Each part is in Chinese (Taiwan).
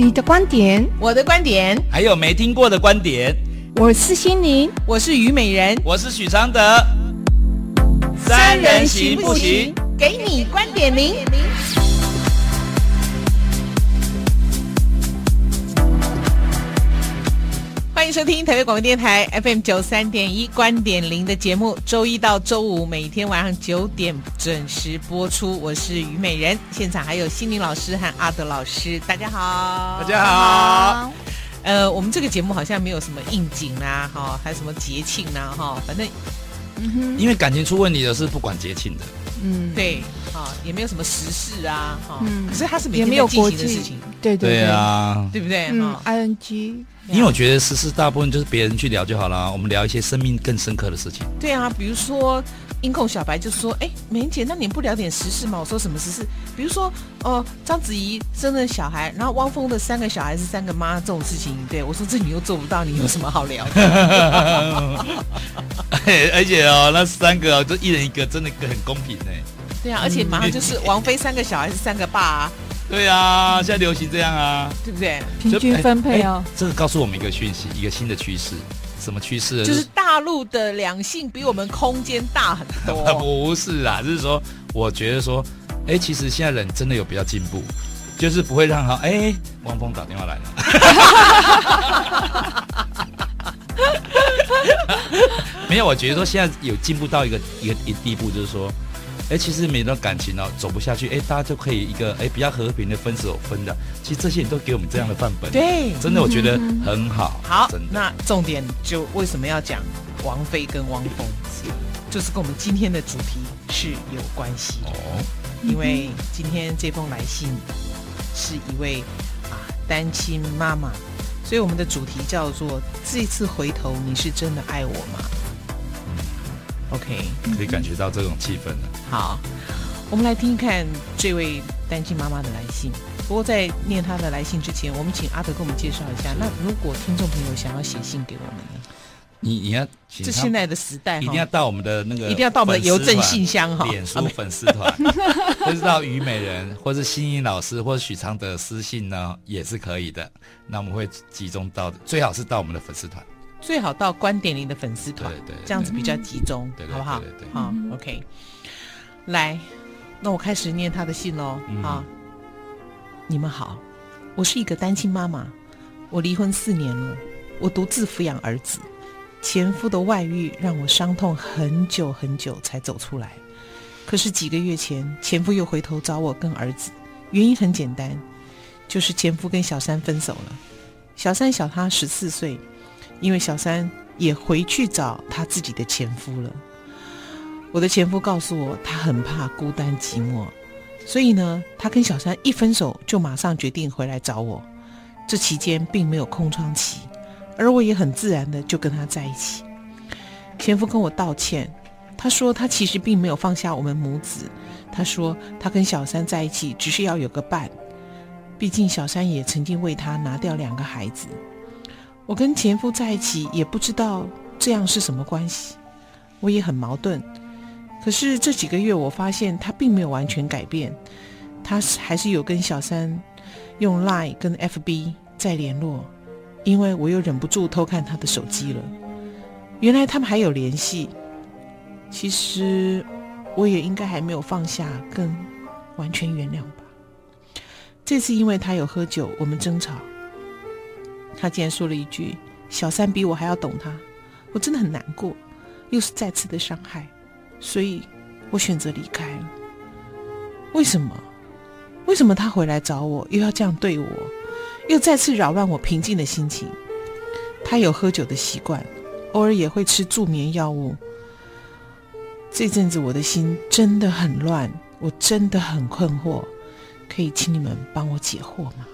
你的觀點，我的觀點，還有沒聽過的觀點。我是心凌，我是於美人，我是許常德，三人行不行？給你觀點名。歡迎收聽台北廣播電台 FM 九三點一觀點零的節目，周一到周五每天晚上九點準時播出。我是虞美人，現場還有心靈老師和阿德老師，大家好，大家好。嗯、呃，我們這個節目好像沒有什麼應景啊，哈、哦，還有什麼節慶啊哈，反正因為感情出問題的是不管節慶的，嗯哼，對、哦，也沒有什麼時事啊，哦、嗯，可是它是也沒有進行的事情，對對啊，對不對？ing。嗯哦因為我覺得時事大部分就是別人去聊就好了，我們聊一些生命更深刻的事情。對啊，比如說音控小白就說：“哎、欸，梅姐，那你不聊點時事嗎？”我說：“什麼時事？比如說，哦、呃，章子怡生了小孩，然後汪峰的三個小孩是三個媽這種事情。對，我說這你又做不到，你有什麼好聊？的？’ 而且哦，那三個就一人一個，真的很公平呢。對啊，而且馬上就是王菲三個小孩是三個爸。”啊。對啊，現在流行這樣啊，對不對？就平均分配啊，這個告訴我們一個訊息，一個新的趨勢，什麼趨勢，就是？就是大陸的兩性比我們空間大很多。嗯、不是啊，就是說，我覺得說，哎，其實現在人真的有比較進步，就是不會讓他，哎，汪峰打電話來了，沒有？我覺得說，現在有進步到一個一個一地步，就是說。哎，其實每一段感情呢，走不下去，哎，大家就可以一個哎比較和平的分手分的。其實這些人都給我們這樣的範本，對，真的我覺得很好。好，的那重點就為什麼要講王菲跟汪峰，就是跟我們今天的主題是有關係。哦，因為今天這封來信是一位啊單親媽媽，所以我們的主題叫做“這一次回頭你是真的愛我嗎？” OK，嗯嗯，可以感覺到這種氣氛了。好，我們來聽一看這位單親媽媽的來信。不過在念她的來信之前，我們請阿德給我們介紹一下。那如果聽眾朋友想要寫信給我們呢？你你要這現在的時代，一定要到我們的那個，那哦、一定要到我們的郵政信箱哈、哦。臉書粉絲團，不知道虞美人，或是心怡老師，或許常德私信呢，也是可以的。那我們會集中到，最好是到我們的粉絲團。最好到觀點裡的粉絲團，對對對對，這樣子比較集中，嗯嗯好不好？對對對對，好嗯嗯，OK。來，那我開始念他的信嘍。好，嗯嗯你們好，我是一個單親媽媽，我離婚四年了，我獨自撫養兒子。前夫的外遇讓我傷痛很久很久才走出來，可是幾個月前，前夫又回頭找我跟兒子。原因很簡單，就是前夫跟小三分手了，小三小他十四歲。因為小三也回去找他自己的前夫了。我的前夫告訴我，他很怕孤單寂寞，所以呢，他跟小三一分手就馬上決定回來找我。這期間並沒有空窗期，而我也很自然的就跟他在一起。前夫跟我道歉，他說他其實並沒有放下我們母子，他說他跟小三在一起只是要有個伴，畢竟小三也曾經為他拿掉兩個孩子。我跟前夫在一起，也不知道這樣是什麼關係，我也很矛盾。可是這幾個月，我發現他並沒有完全改變，他還是有跟小三用 Line 跟 FB 在聯絡，因為我又忍不住偷看他的手機了。原來他們還有聯繫。其實我也應該還沒有放下，跟完全原諒吧。這次因為他有喝酒，我們爭吵。他竟然說了一句：“小三比我還要懂他，我真的很難過，又是再次的傷害，所以，我選擇離開了。為什麼？為什麼他回來找我又要這樣對我，又再次擾亂我平靜的心情？他有喝酒的習慣，偶爾也會吃助眠藥物。這陣子我的心真的很亂，我真的很困惑，可以請你們幫我解惑嗎？”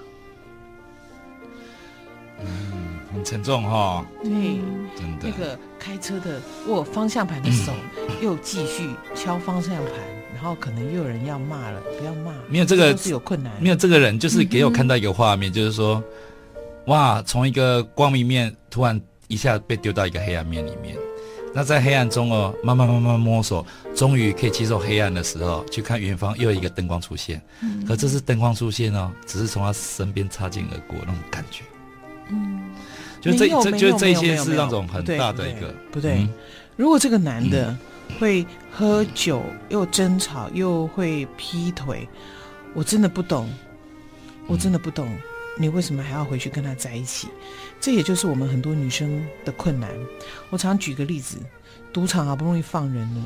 嗯，很沉重哈、哦。對、嗯，的那個開車的握方向盤的手、嗯、又繼續敲方向盤，嗯、然後可能又有人要罵了，不要罵。沒有這個是有困難，沒有這個人就是給我看到一個畫面，嗯、哼就是說，哇，從一個光明面突然一下被丟到一個黑暗面裡面。那在黑暗中哦，慢慢慢慢摸索，終於可以接受黑暗的時候，去看遠方又有一個燈光出現。嗯、可這是燈光出現哦，只是從他身邊擦肩而過那種感覺。嗯，就這，有有這，就這一些是那種很大的一個。不對，如果這個男的會喝酒又爭吵又會劈腿，我真的不懂，我真的不懂，你為什麼還要回去跟他在一起？這也就是我們很多女生的困難。我常舉個例子，賭場好不容易放人呢。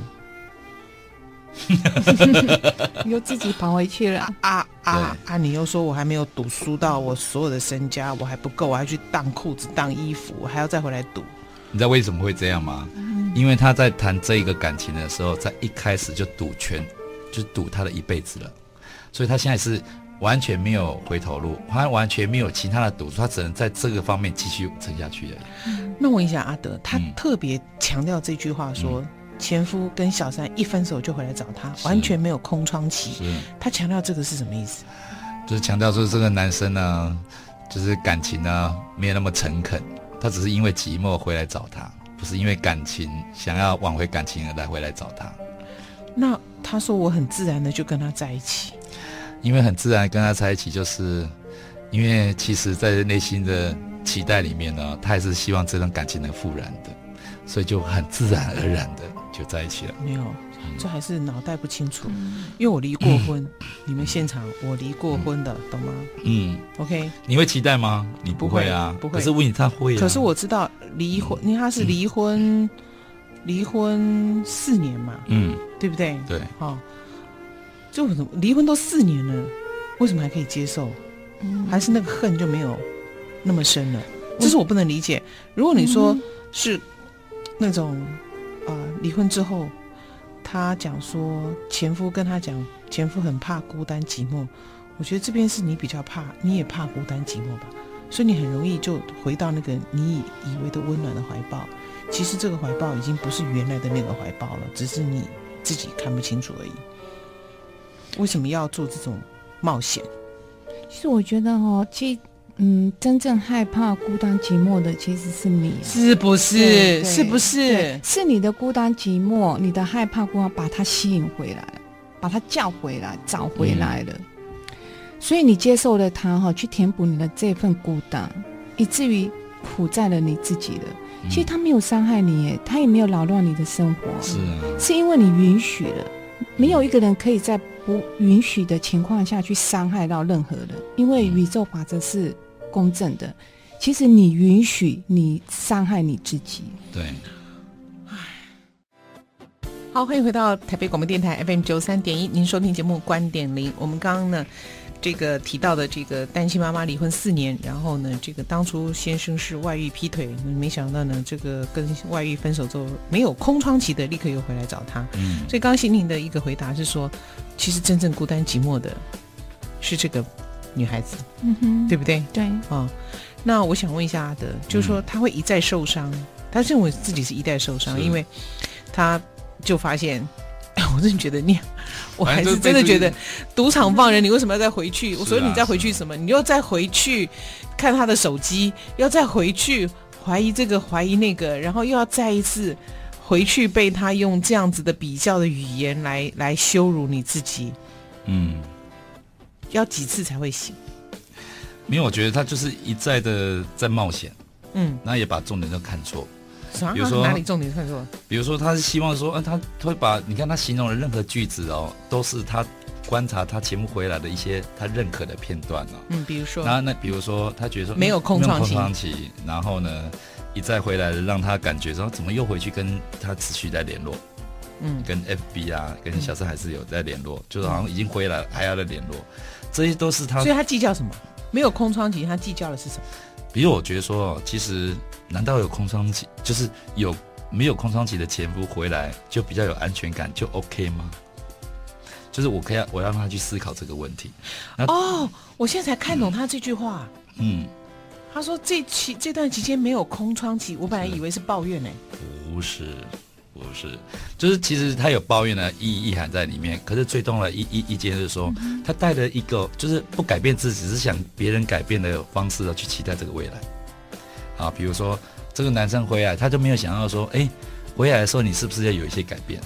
你 又自己跑回去了啊 啊啊、啊！你又說，我還沒有賭輸到我所有的身家，我還不夠，我還要去當褲子、當衣服，我還要再回來賭。你知道為什麼會這樣嗎？嗯、因為他在談這一個感情的時候，在一開始就賭全，就賭他的一輩子了，所以他現在是完全沒有回頭路，他完全沒有其他的賭，他只能在這個方面繼續撐下去了。嗯、那我問一下阿德，他特別強調這句話說。嗯前夫跟小三一分手就回來找他，是完全沒有空窗期。是他強調這個是什麼意思？就是強調說這個男生呢、啊，就是感情呢、啊、沒有那麼誠懇，他只是因為寂寞回來找他，不是因為感情想要挽回、感情而來回來找他。那他說我很自然的就跟他在一起，因為很自然地跟他在一起，就是因為其實在內心的期待裡面呢、啊，他還是希望這段感情能復燃的，所以就很自然而然的。 就在一起了？沒有，這還是腦袋不清楚。因為我離過婚，你們現場我離過婚的，懂嗎？嗯，OK。你會期待嗎？你不會啊，不會。可是問你他會。可是我知道離婚，因為他是離婚，離婚四年嘛。嗯，對不對？對，哦，就離婚都四年了，為什麼還可以接受？還是那個恨就沒有那麼深了？這是我不能理解。如果你說是那種。啊！離婚之後，他講說前夫跟他講，前夫很怕孤單寂寞。我覺得這邊是你比較怕，你也怕孤單寂寞吧，所以你很容易就回到那個你以為的溫暖的懷抱。其實這個懷抱已經不是原來的那個懷抱了，只是你自己看不清楚而已。為什麼要做這種冒險？其實我覺得哦，其實。嗯，真正害怕孤單寂寞的其實是你，啊，是不是？是不是？是你的孤單寂寞，你的害怕孤單，把它吸引回來了，把它叫回來，找回來了。啊、所以你接受了他哈，去填補你的這份孤單，以至於苦在了你自己了。嗯，其實他沒有傷害你，他也沒有擾亂你的生活。是啊，是因為你允許了，沒有一個人可以在不允許的情況下去傷害到任何人。因為宇宙法則是。公正的，其實你允許你傷害你自己。對，好，歡迎回到台北廣播電台 FM 九三點一，您收聽節目《觀點零》。我們剛剛呢，這個提到的這個單親媽媽離婚四年，然後呢，這個當初先生是外遇劈腿，沒想到呢，這個跟外遇分手之後沒有空窗期的，立刻又回來找他。嗯，所以剛剛心靈的一個回答是說，其實真正孤單寂寞的是這個。女孩子，嗯哼，對不對？對啊、哦，那我想問一下阿德，就是說他會一再受傷，嗯、他認為自己是一再受傷，是因為他就發現、哎，我真的覺得你，我還是真的覺得賭場放人，你為什麼要再回去？啊、我說你再回去什麼？啊、你又再回去看他的手機，要再回去懷疑這個懷疑那個，然後又要再一次回去被他用這樣子的比較的語言來來羞辱你自己，嗯。要幾次才會醒？因為我覺得他就是一再的在冒險，嗯，那也把重點都看錯。比如說哪裡重點看錯？比如說他是希望說，他、呃、他會把你看他形容的任何句子哦，都是他觀察他前夫回來的一些他認可的片段哦。嗯，比如說，那那比如說他覺得說、嗯嗯、沒有空窗期，然後呢一再回來的讓他感覺說，怎麼又回去跟他持續在聯絡？嗯，跟 FB 啊，跟小三還是有在聯絡，嗯、就是好像已經回來了，嗯、還要再聯絡。這些都是他，所以他計較什麼？沒有空窗期，他計較的是什麼？比如，我覺得說，其實難道有空窗期，就是有沒有空窗期的前夫回來就比較有安全感，就 OK 嗎？就是我可以我讓他去思考這個問題。哦，我現在才看懂他這句話。嗯，嗯，他說這期這段期間沒有空窗期，我本來以為是抱怨呢，欸。不是。不是，就是其實他有抱怨的意意涵在裡面，可是最痛的一一一件是說，他帶着一個就是不改變自己，只是想別人改變的方式的、啊、去期待這個未來。啊，比如說這個男生回來，他就沒有想到說，哎，回來的時候你是不是要有一些改變？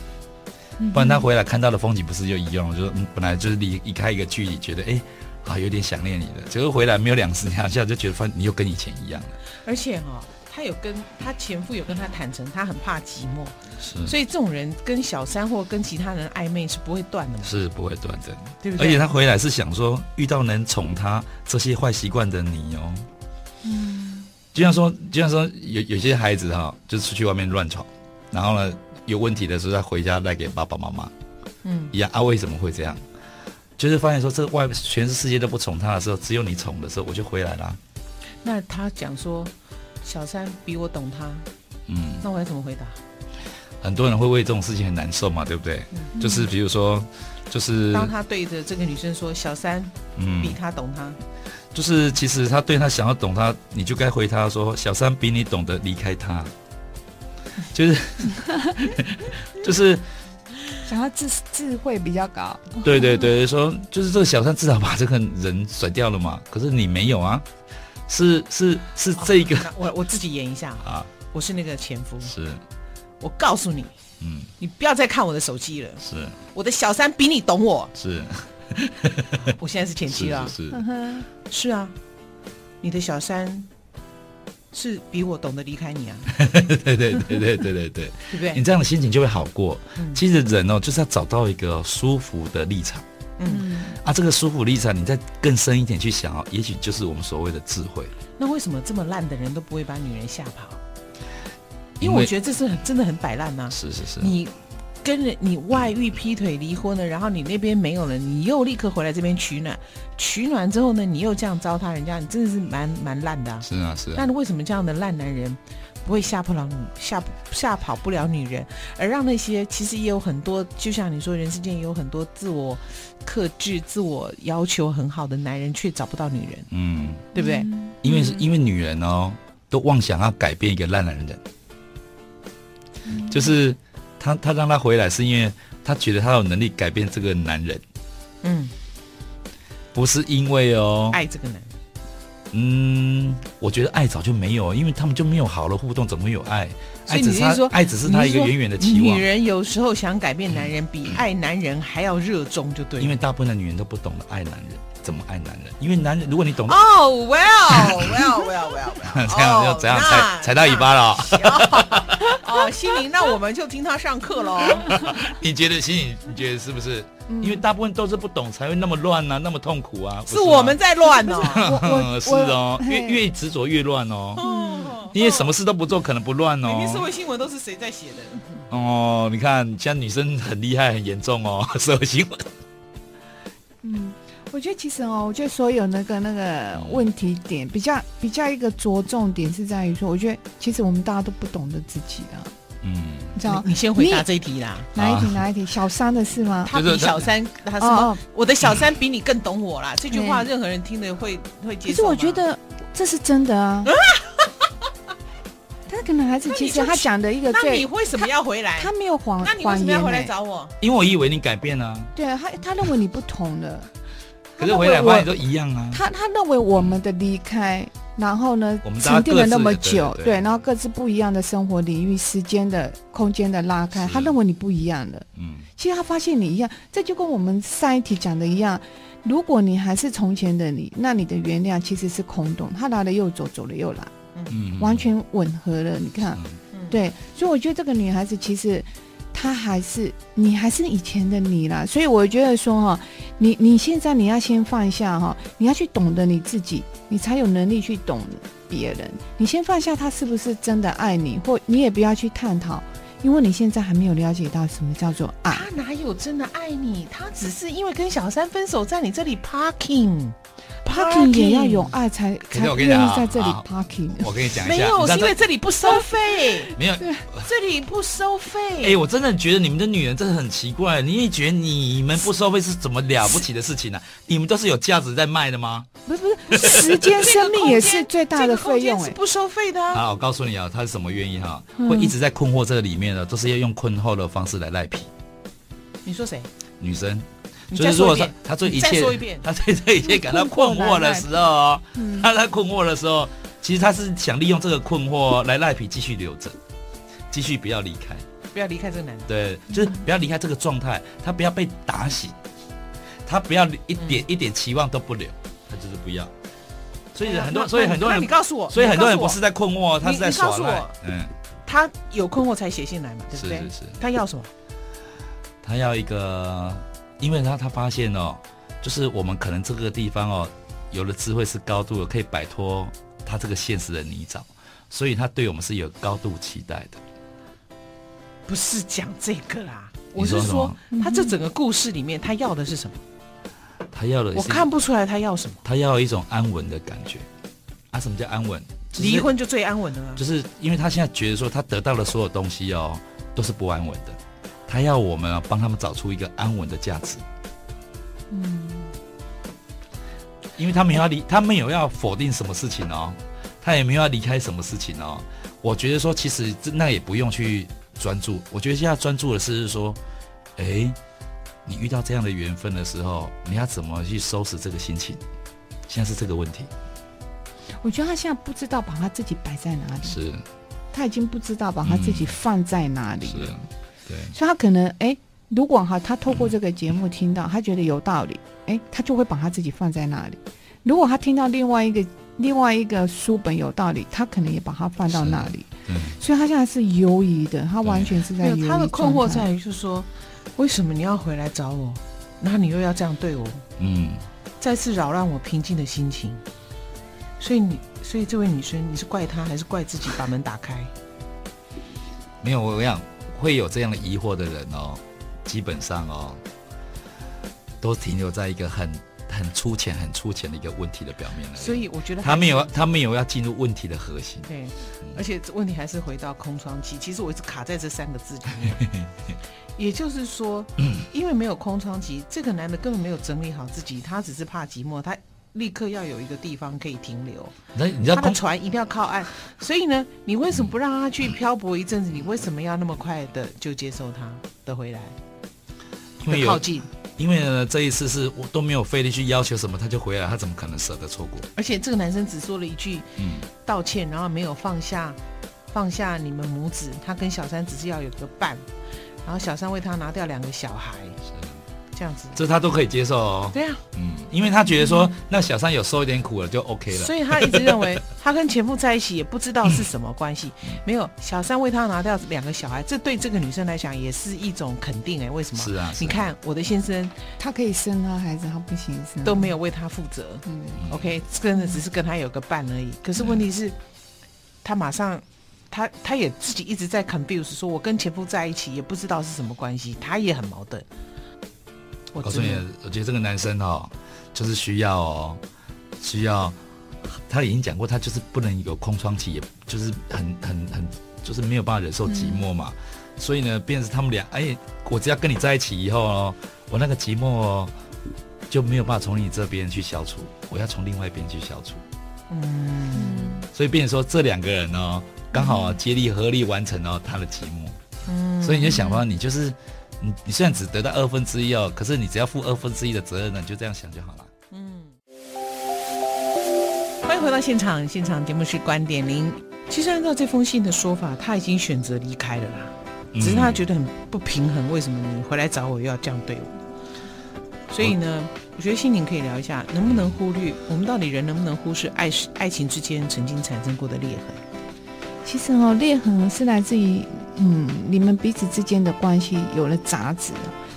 不然他回來看到的風景不是就一樣？就是、嗯、本來就是離離開一個距離，覺得哎，啊有點想念你的，結果回來沒有兩三天，下就覺得發現你又跟以前一樣了。而且哈、哦。他有跟他前夫有跟他坦誠，他很怕寂寞，是，所以這種人跟小三或跟其他人曖昧是不會斷的嗎？是不會斷的，對不對？而且他回來是想說，遇到能寵他這些壞習慣的你哦，嗯，就像說，就像說有，有有些孩子哈、哦，就出去外面亂闖，然後呢有問題的時候，他回家帶給爸爸媽媽，嗯，一樣啊，為什麼會這樣？就是發現說，這外全世界都不寵他的時候，只有你寵的時候，我就回來了。那他講說。小三比我懂他，嗯，那我要怎麼回答？很多人會為這種事情很難受嘛，對不對？嗯、就是比如說，就是當他對着這個女生說“小三”，嗯，比他懂他，嗯，就是其實他對他想要懂他，你就該回他說：“小三比你懂得離開他。”就是， 就是想要智智慧比較高。 對對對說，說就是這個小三至少把這個人甩掉了嘛，可是你沒有啊。是是是這一個，我我自己演一下啊，我是那個前夫，是，我告訴你，嗯，你不要再看我的手機了，是，我的小三比你懂我，是，我現在是前妻了，是，是啊，你的小三是比我懂得離開你啊，對對對對對對對，對不對？你這樣的心情就會好過，其實人哦就是要找到一個舒服的立場。嗯啊，這個舒服的意思、啊，你再更深一點去想，哦，也許就是我們所謂的智慧。那為什麼這麼爛的人都不會把女人嚇跑？因為我覺得這是為真的很擺爛吶，啊。是是是。你跟人你外遇、劈腿、離婚了，然後你那邊沒有人，你又立刻回來這邊取暖，取暖之後呢，你又這樣糟蹋人家，你真的是蠻蠻爛的，啊。是啊是啊。那為什麼這樣的爛男人？不會嚇跑女，嚇嚇跑不了女人，而讓那些其實也有很多，就像你說，人世間也有很多自我克制、自我要求很好的男人，卻找不到女人，嗯，對不對？因為是因為女人哦，都妄想要改變一個爛男人，嗯、就是他他讓他回來，是因為他覺得他有能力改變這個男人，嗯，不是因為哦愛這個男人。嗯，我覺得愛早就沒有，因為他們就沒有好的互動，怎麼有愛？所以你是說，愛只是說，愛只是他一個遠遠的期望。女人有時候想改變男人，嗯、比愛男人還要熱衷，就對。因為大部分的女人都不懂得愛男人，怎麼愛男人？因為男人，如果你懂得，哦、oh，well well well well, well. 這樣就這樣踩 踩到尾巴了哦。哦，心靈，那我們就聽他上課嘍。 你覺得心靈？你覺得是不是？因為大部分都是不懂，才會那麼亂啊。那麼痛苦啊！是，是我們在亂哦、喔， 是哦，越越執著越亂哦。嗯，因為什麼事都不做，可能不亂哦、喔。每天社會新聞都是誰在寫的？哦、喔，你看，像女生很厲害，很嚴重哦、喔，社會新聞。嗯，我覺得其實哦、喔，我覺得所有那個那個問題點比較比較一個着重點是在於說，我覺得其實我們大家都不懂得自己啊。嗯，你知道，你先回答這一題啦。哪一題？哪一題？小三的事嗎？他比小三，他是我的小三比你更懂我啦。這句話任何人聽了會會接受嗎？可是我覺得這是真的啊。他跟男孩子其實他講的一個，那你為什麼要回來？他沒有謊言，那你為什麼要回來找我？因為我以為你改變了。對啊，他他認為你不同了。可是回來話也都一樣啊。他他認為我們的離開。然後呢，沉澱了那麼久，對，對，對，對，然後各自不一樣的生活領域，時間的、空間的拉開，是他認為你不一樣了，嗯，其實他發現你一樣，這就跟我們上一題講的一樣，如果你還是從前的你，那你的原諒其實是空洞，他來了又走，走了又來，嗯嗯，完全吻合了，你看，嗯、對，所以我覺得這個女孩子其實。他還是，你還是以前的你啦，所以我覺得說哈，你你現在你要先放下哈，你要去懂得你自己，你才有能力去懂別人。你先放下他是不是真的愛你，或你也不要去探討。因為你現在還沒有了解到什麼叫做愛，他哪有真的愛你？他只是因為跟小三分手，在你這裡 parking，parking park 也要有愛才才我跟你講、啊、願意在這裡 parking。我跟你講一下，沒有，是因為這裡不收費。沒有，是這裡不收費。哎，我真的覺得你們的女人真的很奇怪。你覺得你們不收費是怎麼了不起的事情呢、啊？ 你們都是有價值在賣的嗎？不是不是，時間、生命也是最大的費用，這個、是不收費的、啊。好，我告訴你啊，他是什麼原因哈、啊？會一直在困惑這個裡面。都是要用困惑的方式來賴皮。你說誰？女生。就是說你再說一遍。他做一切。再說一遍。他這一切感到困惑的時候她他在困惑的時候，其實他是想利用這個困惑來賴皮，繼續留着，繼續不要離開，不要離開這個男人。對，就是不要離開這個狀態，他不要被打醒，他不要一點一點期望都不留，他就是不要。所以很多，所以很多人，你告訴我，所以很多人不是在困惑，他是在耍賴。嗯。他有困惑才寫信來嘛，對不對？是是是。他要什麼？他要一個，因為他他發現哦、喔，就是我們可能這個地方哦、喔，有了智慧是高度的，可以擺脫他這個現實的泥沼，所以他對我們是有高度期待的。不是講這個啦，我是說、嗯、哼他這整個故事裡面，他要的是什麼？他要的是，我看不出來他要什麼。他要有一種安穩的感覺，啊？什麼叫安穩？就是、離婚，就最安穩了，就是因為他現在覺得說他得到的所有東西哦、喔、都是不安穩的，他要我們喔、幫他們找出一個安穩的價值。嗯，因為他沒有要離，他沒有要否定什麼事情哦、喔，他也沒有要離開什麼事情哦、喔。我覺得說其實那也不用去專注，我覺得現在專注的是，是說，哎、欸，你遇到這樣的緣分的時候，你要怎麼去收拾這個心情？現在是這個問題。我覺得他現在不知道把他自己擺在哪裡，是，他已經不知道把他自己放在哪裡，嗯，是，對，所以他可能，哎，如果他他透過這個節目聽到，嗯，他覺得有道理，哎，他就會把他自己放在那裡；如果他聽到另外一個另外一個書本有道理，他可能也把他放到那裡。所以他現在是猶疑的，他完全是在猶疑狀態。他的困惑在於，就是說，為什麼你要回來找我？那你又要這樣對我？嗯，再次擾亂我平靜的心情。所以你，所以這位女生，你是怪他還是怪自己把門打開？ 沒有，我，我想會有這樣的疑惑的人哦，基本上哦，都停留在一個很很粗淺、很粗淺的一個問題的表面的。所以我覺得他沒有，他沒有，他沒有要進入問題的核心。對，嗯，而且這問題還是回到空窗期。其實我一直卡在這三個字裡面。 也就是說，嗯，因為沒有空窗期，這個男的根本沒有整理好自己，他只是怕寂寞，他。立刻要有一個地方可以停留，那你知道，他的船一定要靠岸。所以呢，你為什麼不讓他去漂泊一陣子？嗯，嗯，你為什麼要那麼快的就接受他的回來？因為靠近，因為呢，這一次是我都沒有費力去要求什麼，他就回來，他怎麼可能捨得錯過？而且這個男生只說了一句“道歉”，然後沒有放下放下你們母子，他跟小三只是要有個伴，然後小三為他拿掉兩個小孩。是。這，這他都可以接受哦。對呀，嗯，因為他覺得說，嗯、那小三有受一點苦了就 OK 了。所以他一直認為， 他跟前夫在一起也不知道是什麼關係。嗯、沒有小三為他拿掉兩個小孩，這對這個女生來講也是一種肯定哎、欸。為什麼？是啊，是啊。你看我的先生，他可以生他孩子，他不行生都沒有為他負責。嗯，OK，真的只是跟他有個伴而已。可是問題是，嗯、他馬上他他也自己一直在 confuse，說，我跟前夫在一起也不知道是什麼關係，他也很矛盾。我告訴你，我覺得這個男生哦，就是需要、哦，需要，他已經講過，他就是不能有空窗期，也就是很很很，就是沒有辦法忍受寂寞嘛。嗯、所以呢，變成他們倆，哎，我只要跟你在一起以後哦，我那個寂寞、哦、就沒有辦法從你這邊去消除，我要從另外一邊去消除。嗯，所以變成說，這兩個人呢、哦，剛好、啊嗯、接力合力完成了他的寂寞。嗯，所以你就想方，你就是。你你雖然只得到二分之一哦，2, 可是你只要負二分之一的責任呢，你就這樣想就好了。嗯，歡迎回到現場，現場節目是觀點零。其實按照這封信的說法，他已經選擇離開了啦，只是他覺得很不平衡，嗯、為什麼你回來找我又要這樣對我？所以呢，我，我覺得心靈可以聊一下，能不能忽略？我們到底人能不能忽視愛愛情之間曾經產生過的裂痕？其實哦，裂痕是來自於。嗯，你們彼此之間的關係有了雜質，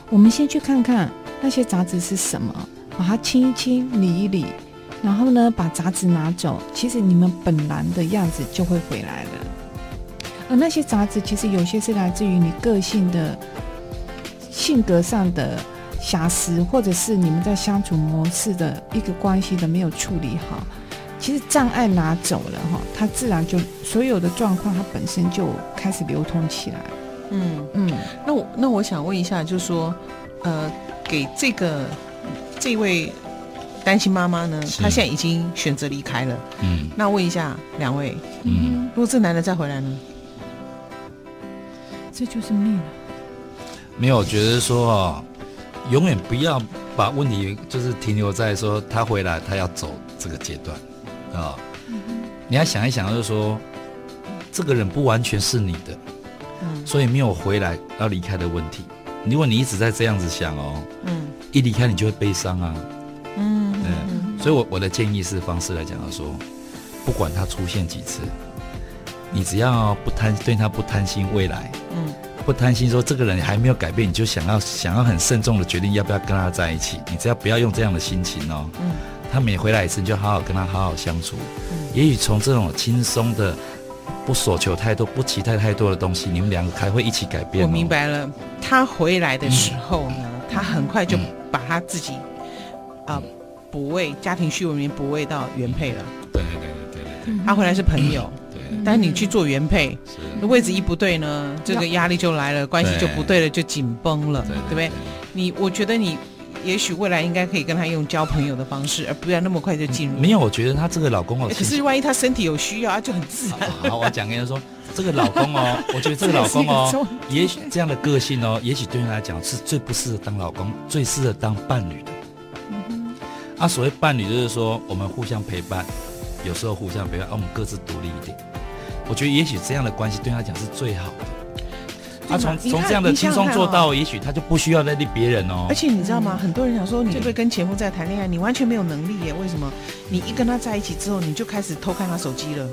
我們先去看看那些雜質是什麼，把、哦、它清一清、理一理，然後呢，把雜質拿走，其實你們本來的樣子就會回來了。而、呃、那些雜質，其實有些是來自於你個性的、性格上的瑕疵，或者是你們在相處模式的一個關係的沒有處理好。其實障礙拿走了哈，他自然就所有的狀況，它本身就開始流通起來。嗯嗯，那我那我想問一下，就是說，呃，給這個這位單親媽媽呢，是她現在已經選擇離開了。嗯，那問一下兩位，嗯，如果這男的再回來呢？嗯、這就是命。沒有，我覺得說，永遠不要把問題就是停留在說他回來，他要走這個階段。啊，你要想一想，就是說，這個人不完全是你的，所以沒有回來要離開的問題。如果你一直在這樣子想哦，一離開你就會悲傷啊。嗯，所以我我的建議是方式來講的說，不管他出現幾次，你只要不貪，對他不貪心未來，不貪心說這個人還沒有改變，你就想要想要很慎重的決定要不要跟他在一起。你只要不要用這樣的心情哦。他每回來一次，你就好好跟他好好相處。嗯，也許從這種輕鬆的，不索求太多，不期待太多的東西，你們兩個還會一起改變。我明白了，他回來的時候呢，他很快就把他自己啊補位，家庭虛位面補位到原配了。對對對對對，他回來是朋友。但是你去做原配，位置一不對呢，這個壓力就來了，關係就不對了，就緊繃了，對不對？你，我覺得你。也許未來應該可以跟她用交朋友的方式，而不要那麼快就進入，嗯。沒有，我覺得她這個老公哦、欸，可是萬一她身體有需要，她就很自然。好，好，好，我講跟她說，這個老公哦，我覺得這個老公哦， 也許這樣的個性哦，也許對她來講是最不適合當老公，最適合當伴侶的。嗯、哼啊，所謂伴侶就是說，我們互相陪伴，有時候互相陪伴，我們各自獨立一點。我覺得也許這樣的關係對她講是最好的。他從從這樣的輕鬆做到，也許他就不需要再理別人哦。而且你知道嗎？很多人想說，你會跟前夫在談戀愛，你完全沒有能力耶？為什麼？你一跟他在一起之後，你就開始偷看他手機了？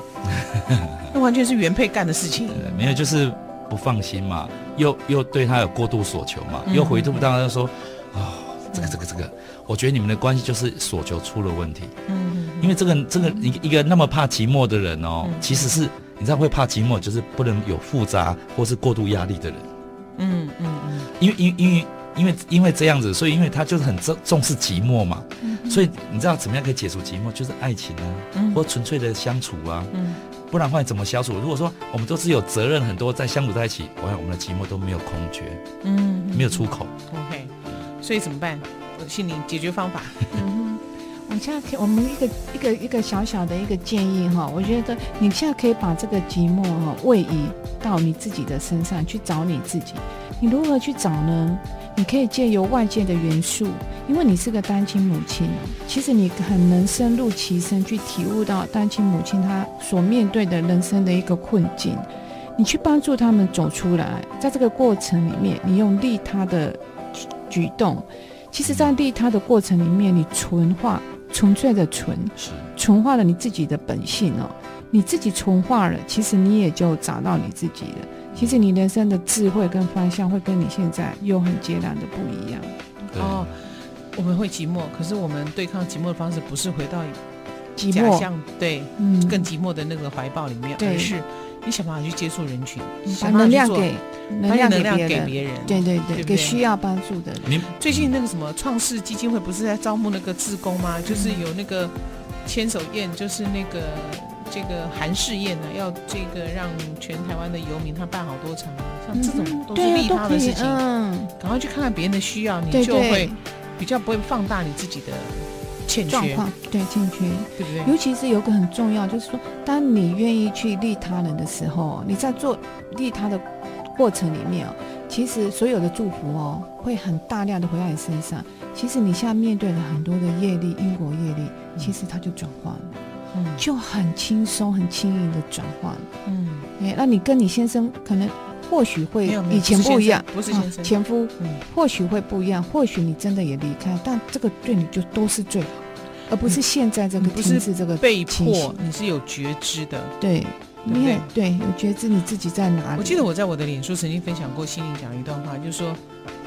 那完全是原配幹的事情。沒有，就是不放心嘛，又又對他有過度索求嘛，又回不到說，哦，這個這個這個，我覺得你們的關係就是索求出了問題。嗯嗯。因為這個這個一一個那麼怕寂寞的人哦，其實是。你知道會怕寂寞，就是不能有複雜或是過度壓力的人。嗯嗯嗯因，因為因因為因為因為這樣子，所以因為他就是很重重視寂寞嘛。嗯哼。所以你知道怎麼樣可以解除寂寞，就是愛情啊，嗯、哼或純粹的相處啊。嗯。不然的話怎麼消除？如果說我們都是有責任很多，在相處在一起，我看我們的寂寞都沒有空缺。嗯哼。沒有出口。OK、嗯。所以怎麼辦？我心靈解決方法。 我現在可以，我們一個一個一個小小的一個建議哈，我覺得你現在可以把這個寂寞哈位移到你自己的身上去找你自己。你如何去找呢？你可以借由外界的元素，因為你是個單親母親，其實你很能深入其身去體悟到單親母親她所面對的人生的一個困境。你去幫助他們走出來，在這個過程裡面，你用利他的舉動，其實，在利他的過程裡面，你純化。純粹的純，是純化了你自己的本性哦。你自己純化了，其實你也就找到你自己了。其實你人生的智慧跟方向會跟你現在又很截然的不一樣。對哦，我們會寂寞，可是我們對抗寂寞的方式不是回到假象、寂寞，對，嗯，更寂寞的那個懷抱裡面，而是。你想辦法去接觸人群，想辦法做能量給，把能量給別人，人，對對對，對對給需要幫助的人。你最近那個什麼創世基金會不是在招募那個志工嗎？嗯、就是有那個牽手宴，就是那個這個寒士宴呢，要這個讓全台灣的遊民他辦好多場，啊，像這種都是利他的事情，趕、嗯啊嗯、快去看看別人的需要，對對對，你就會比較不會放大你自己的。狀況欠缺，對，欠缺，對不對？尤其是有個很重要，就是說，當你願意去利他人的時候，你在做利他的過程裡面哦，其實所有的祝福哦，會很大量的回到你身上。其實你現在面對了很多的業力、因果業力，嗯、其實它就轉化了，嗯，就很輕鬆、很輕盈的轉化了，嗯，哎、欸，那你跟你先生可能。或許會以前不一樣，不是、前夫、嗯、或許會不一樣，或許你真的也離開，但這個對你就都是最好，而不是現在這個，這個不是這個被迫，你是有覺知的，對，對對，你對，有覺知你自己在哪裡？我記得我在我的臉書曾經分享過心靈講一段話，就是說，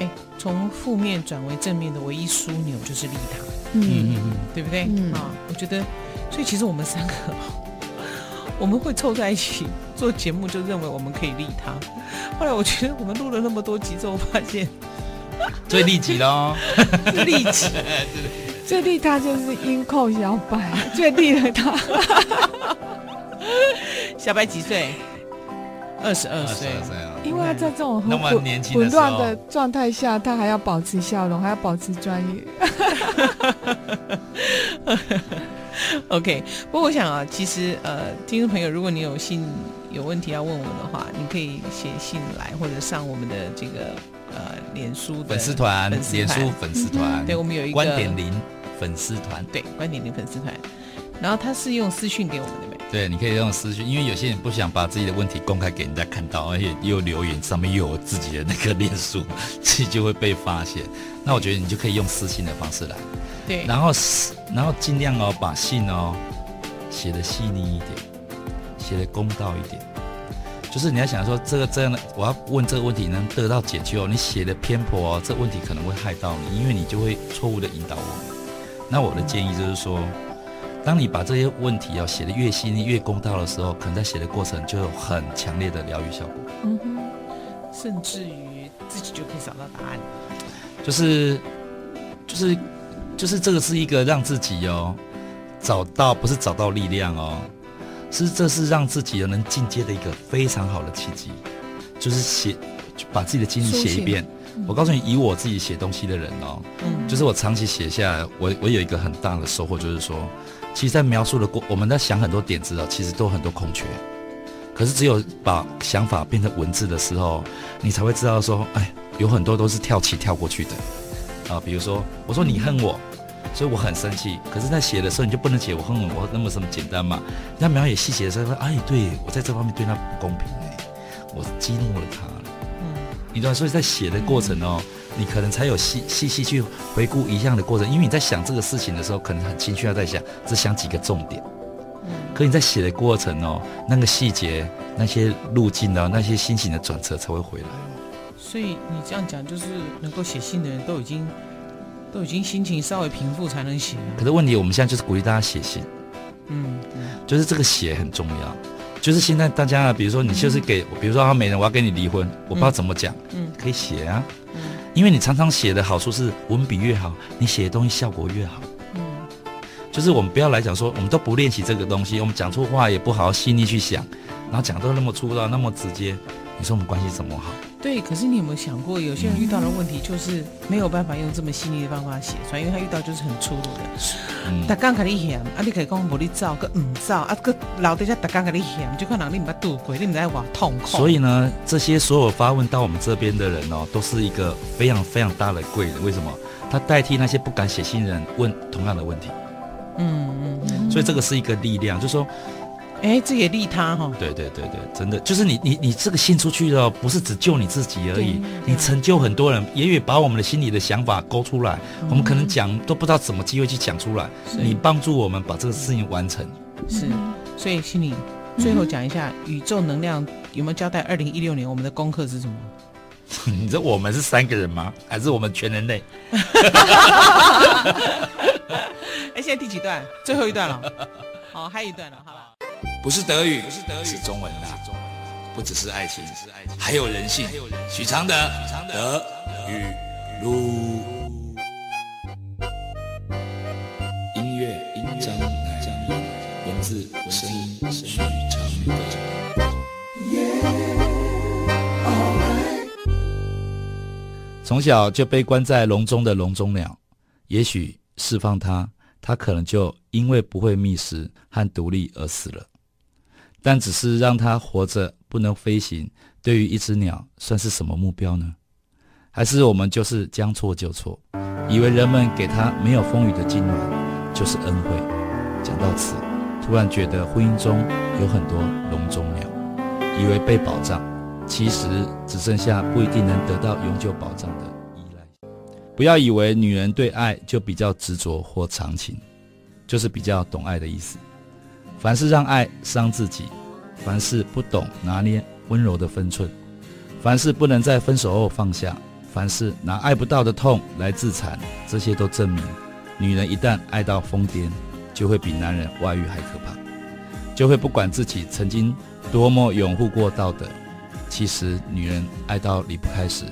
哎、欸，從負面轉為正面的唯一樞紐就是利他，嗯嗯嗯，對不對？嗯、啊，我覺得，所以其實我們三個。我們會湊在一起做節目，就認為我們可以利他。後來我覺得我們錄了那麼多集之後，我發現最利己的哦，利己，最利他就是音控小白， 最利的他。 小白幾歲？二十二歲，歲，因為他在這種很混混亂的狀態下，他還要保持笑容，還要保持專業。 OK，不過我想啊，其實呃，聽眾朋友，如果你有信、有問題要問我的話，你可以寫信來，或者上我們的這個呃臉書的臉書粉絲團，臉書粉絲團，對，我們有一個觀點零粉絲團，對，觀點零粉絲團。然後他是用私訊給我們的沒？對,對,對，你可以用私訊，因為有些人不想把自己的問題公開給人家看到，而且又留言上面又有自己的那個臉書，自己就會被發現。那我覺得你就可以用私信的方式來。對，然後是，然後儘量哦，把信哦寫的細膩一點，寫的公道一點。就是你要想說，這個這樣的，我要問這個問題能得到解決哦，你寫的偏頗哦，這問題可能會害到你，因為你就會錯誤的引導我。那我的建議就是說，當你把這些問題要哦寫的越細膩、越公道的時候，可能在寫的過程就有很強烈的療癒效果。嗯哼，甚至於自己就可以找到答案，就是，就是。嗯就是這個是一個讓自己哦，找到，不是找到力量哦，是這是讓自己有能進階的一個非常好的契機，就是寫，把自己的經歷寫一遍。嗯、我告訴你，以我自己寫東西的人哦，嗯，就是我長期寫下來，我我有一個很大的收穫，就是說，其實在描述的過，我們在想很多點子啊、哦，其實都很多空缺，可是只有把想法變成文字的時候，你才會知道說，哎，有很多都是跳起跳過去的。啊，比如說，我說你恨我，所以我很生氣。可是，在寫的時候你就不能寫我恨我，我那麼這麼簡單嘛？那描寫細節的時候，說：‘哎，對我在這方面對他不公平哎，我激怒了他了。嗯，你知道、啊、所以在寫的過程哦，嗯、你可能才有細細細去回顧一樣的過程，因為你在想這個事情的時候，可能很情緒要，要在想只想幾個重點。嗯、可你在寫的過程哦，那個細節、那些路徑啊、那些心情的轉折才會回來。所以你這樣講，就是能夠寫信的人都已經都已經心情稍微平復才能寫。可是問題，我們現在就是鼓勵大家寫信，嗯，就是這個寫很重要。就是現在大家，比如說你就是給，嗯、比如說啊，沒人，我要跟你離婚，我不知道怎麼講，嗯，可以寫啊，嗯、因為你常常寫的好處是，文筆越好，你寫的東西效果越好，嗯，就是我們不要來講說，我們都不練習這個東西，我們講錯話也不好好細膩去想，然後講得那麼粗糙，那麼直接。你說我們關係怎麼好？對，可是你有沒有想過，有些人遇到的問題就是沒有辦法用這麼細膩的方法寫出來，因為他遇到就是很粗魯的。嗯。大啊，你可以個啊，個老大就看家你度你痛苦。所以呢，這些所有發問到我們這邊的人哦，都是一個非常非常大的貴人。為什麼？他代替那些不敢寫信人問同樣的問題。嗯嗯。嗯，所以這個是一個力量，嗯、就是說。哎、欸，這也利他哈、哦！對對對對，真的就是你你你這個信出去的話，不是只救你自己而已，你成就很多人，也也把我們的心裡的想法勾出來。嗯、我們可能講都不知道怎麼機會去講出來，是你幫助我們把這個事情完成。是，所以請你最後講一下，宇宙能量有沒有交代？二零一六年我們的功課是什麼？你知道我們是三個人嗎？還是我們全人類？哎、 欸，現在第幾段？最後一段了。 好，還有一段了，好不好？不是德語，是中文啦。不只是愛情，還有人性。許常德的語錄音樂、音樂、文字、聲音。許常德從小就被關在籠中的籠中鳥，也許釋放他，他可能就因為不會覓食和獨立而死了。但只是讓它活着，不能飛行，對於一隻鳥算是什麼目標呢？還是我們就是將錯就錯，以為人們給它沒有風雨的溫暖就是恩惠？講到此，突然覺得婚姻中有很多籠中鳥，以為被保障，其實只剩下不一定能得到永久保障的依賴。不要以為女人對愛就比較執着或長情，就是比較懂愛的意思。凡是讓愛傷自己，凡是不懂拿捏溫柔的分寸，凡是不能在分手後放下，凡是拿愛不到的痛來自殘，這些都證明，女人一旦愛到瘋癲，就會比男人外遇還可怕，就會不管自己曾經多麼擁護過道德。其實，女人愛到離不開時，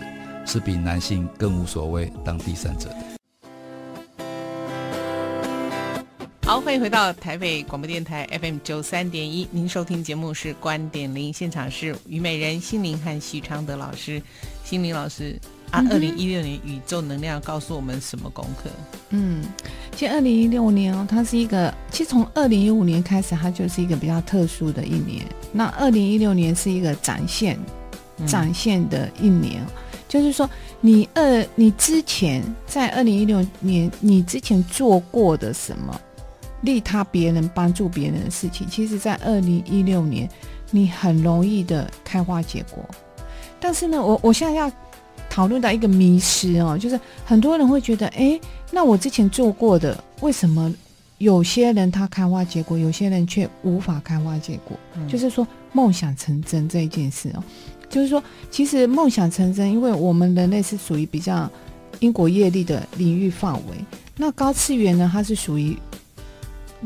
是比男性更無所謂當第三者的。好，歡迎回到台北廣播電台 FM 九三點一。您收聽節目是觀點零，現場是虞美人心靈和許昌德老師。心靈老師啊，二零一六年宇宙能量告訴我們什麼功課？嗯，其實二零一六年哦，它是一個，其實從二零一五年開始，它就是一個比較特殊的一年。那二零一六年是一個展現、展現的一年，嗯、就是說，你二你之前在二零一六年，你之前做過的什麼？利他別人、幫助別人的事情，其實，在二零一六年，你很容易的開花結果。但是呢，我我現在要討論到一個迷失哦，就是很多人會覺得，誒，那我之前做過的，為什麼有些人他開花結果，有些人卻無法開花結果？嗯、就是說，夢想成真這一件事哦，就是說，其實夢想成真，因為我們人類是屬於比較因果業力的領域範圍，那高次元呢，它是屬於。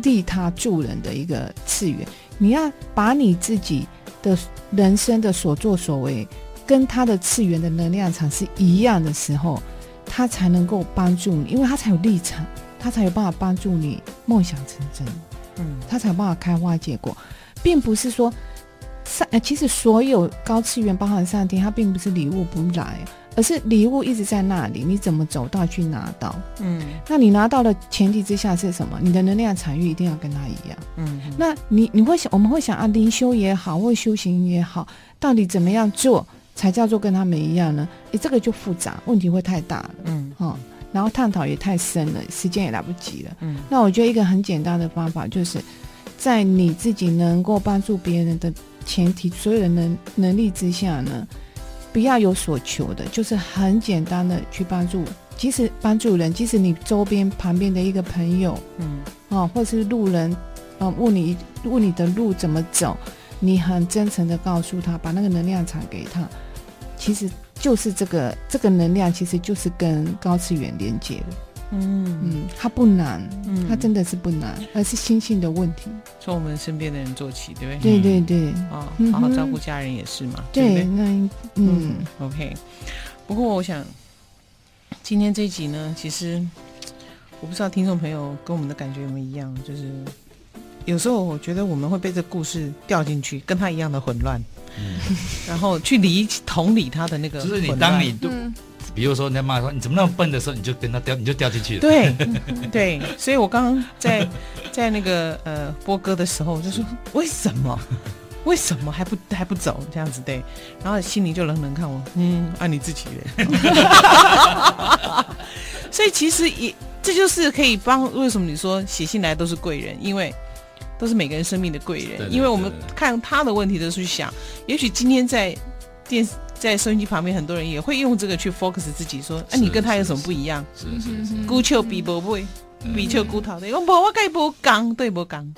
利他助人的一個次元，你要把你自己的人生的所作所為跟他的次元的能量場是一樣的時候，他才能夠幫助你，因為他才有立場，他才有辦法幫助你夢想成真。嗯，他才有辦法開花結果，並不是說上，其實所有高次元，包含上天，他並不是禮物不來，可是禮物一直在那裡，你怎麼走到去拿到？嗯，那你拿到的前提之下是什麼？你的能量場域一定要跟他一樣。嗯哼，那你你會想，我們會想啊，靈修也好，或修行也好，到底怎麼樣做才叫做跟他們一樣呢？欸，這個就複雜，問題會太大了。嗯，哦，然後探討也太深了，時間也來不及了。嗯，那我覺得一個很簡單的方法，就是在你自己能夠幫助別人的前提，所有人的能能力之下呢。不要有所求的，就是很簡單的去幫助。即使幫助人，即使你周邊旁邊的一個朋友，嗯，啊、哦，或者是路人，啊、嗯，問你問你的路怎麼走，你很真誠的告訴他，把那個能量場給他，其實就是這個這個能量，其實就是跟高次元連接的。嗯嗯，他不難，嗯，他真的是不難，而是心性的問題。從我們身邊的人做起，對不對？對對對，啊，好好照顧家人也是嘛，對，對，對那嗯，嗯，OK。不過我想，今天這一集呢，其實我不知道聽眾朋友跟我們的感覺有沒有一樣，就是有時候我覺得我們會被這故事掉進去，跟他一樣的混亂，嗯、然後去理同理他的那個，就是你當你對、嗯。比如說，人媽說，人媽說你怎麼那麼笨的時候，你就跟他掉，你就掉進去了。對對，所以我剛剛在在那個呃播歌的時候，我就說為什麼為什麼還不還不走這樣子對？然後心裡就冷冷看我，嗯，按、啊、你自己的。 所以其實也這就是可以幫為什麼你說寫信來都是貴人，因為都是每個人生命的貴人，對的對的，因為我們看他的問題都是去想，也許今天在電視。在收音機旁邊，很多人也會用這個去 focus 自己，說：“哎、啊，你跟他有什麼不一樣？是是是，是，是孤，龜笑鱉無尾，鱉笑龜頭禿的，我我改不講，對不講，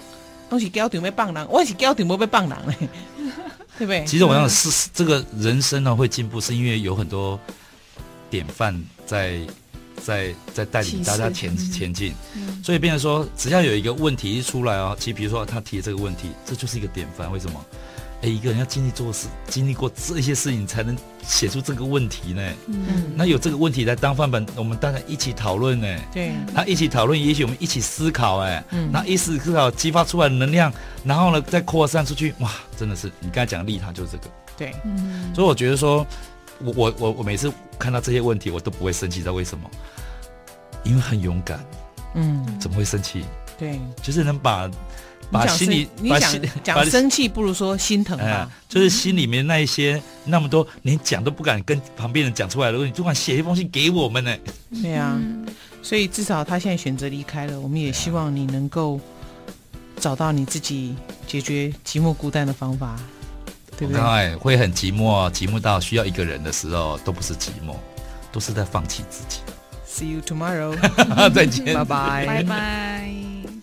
我是教定要棒人，我是教定要棒人嘞， 對不對？”其實我想是 這個人生呢會進步，是因為有很多典範在在在帶領大家前、嗯、前進，所以變成說，只要有一個問題一出來哦，其實比如說他提這個問題，這就是一個典範，為什麼？哎、欸，一個人要經歷做事，經歷過這些事情，才能寫出這個問題呢。嗯，嗯，那有這個問題來當範本，我們大家一起討論呢。對、啊，那一起討論，也許我們一起思考。哎、嗯，那一起思考激發出來的能量，然後呢，再擴散出去。哇，真的是你剛才講的利他，就是這個。對，所以我覺得說，我我我我每次看到這些問題，我都不會生氣，知道為什麼？因為很勇敢。嗯，怎麼會生氣？對，就是能把。把心裡你心講生氣你不如說心疼吧啊！就是心裡面那一些那麼多連講都不敢跟旁邊人講出來的，你就敢寫一封信給我們呢、欸？對呀、啊。所以至少他現在選擇離開了，我們也希望你能夠找到你自己解決寂寞孤單的方法，對不對？才會很寂寞，寂寞到需要一個人的時候都不是寂寞，都是在放棄自己。See you tomorrow， 再見，拜拜，拜拜。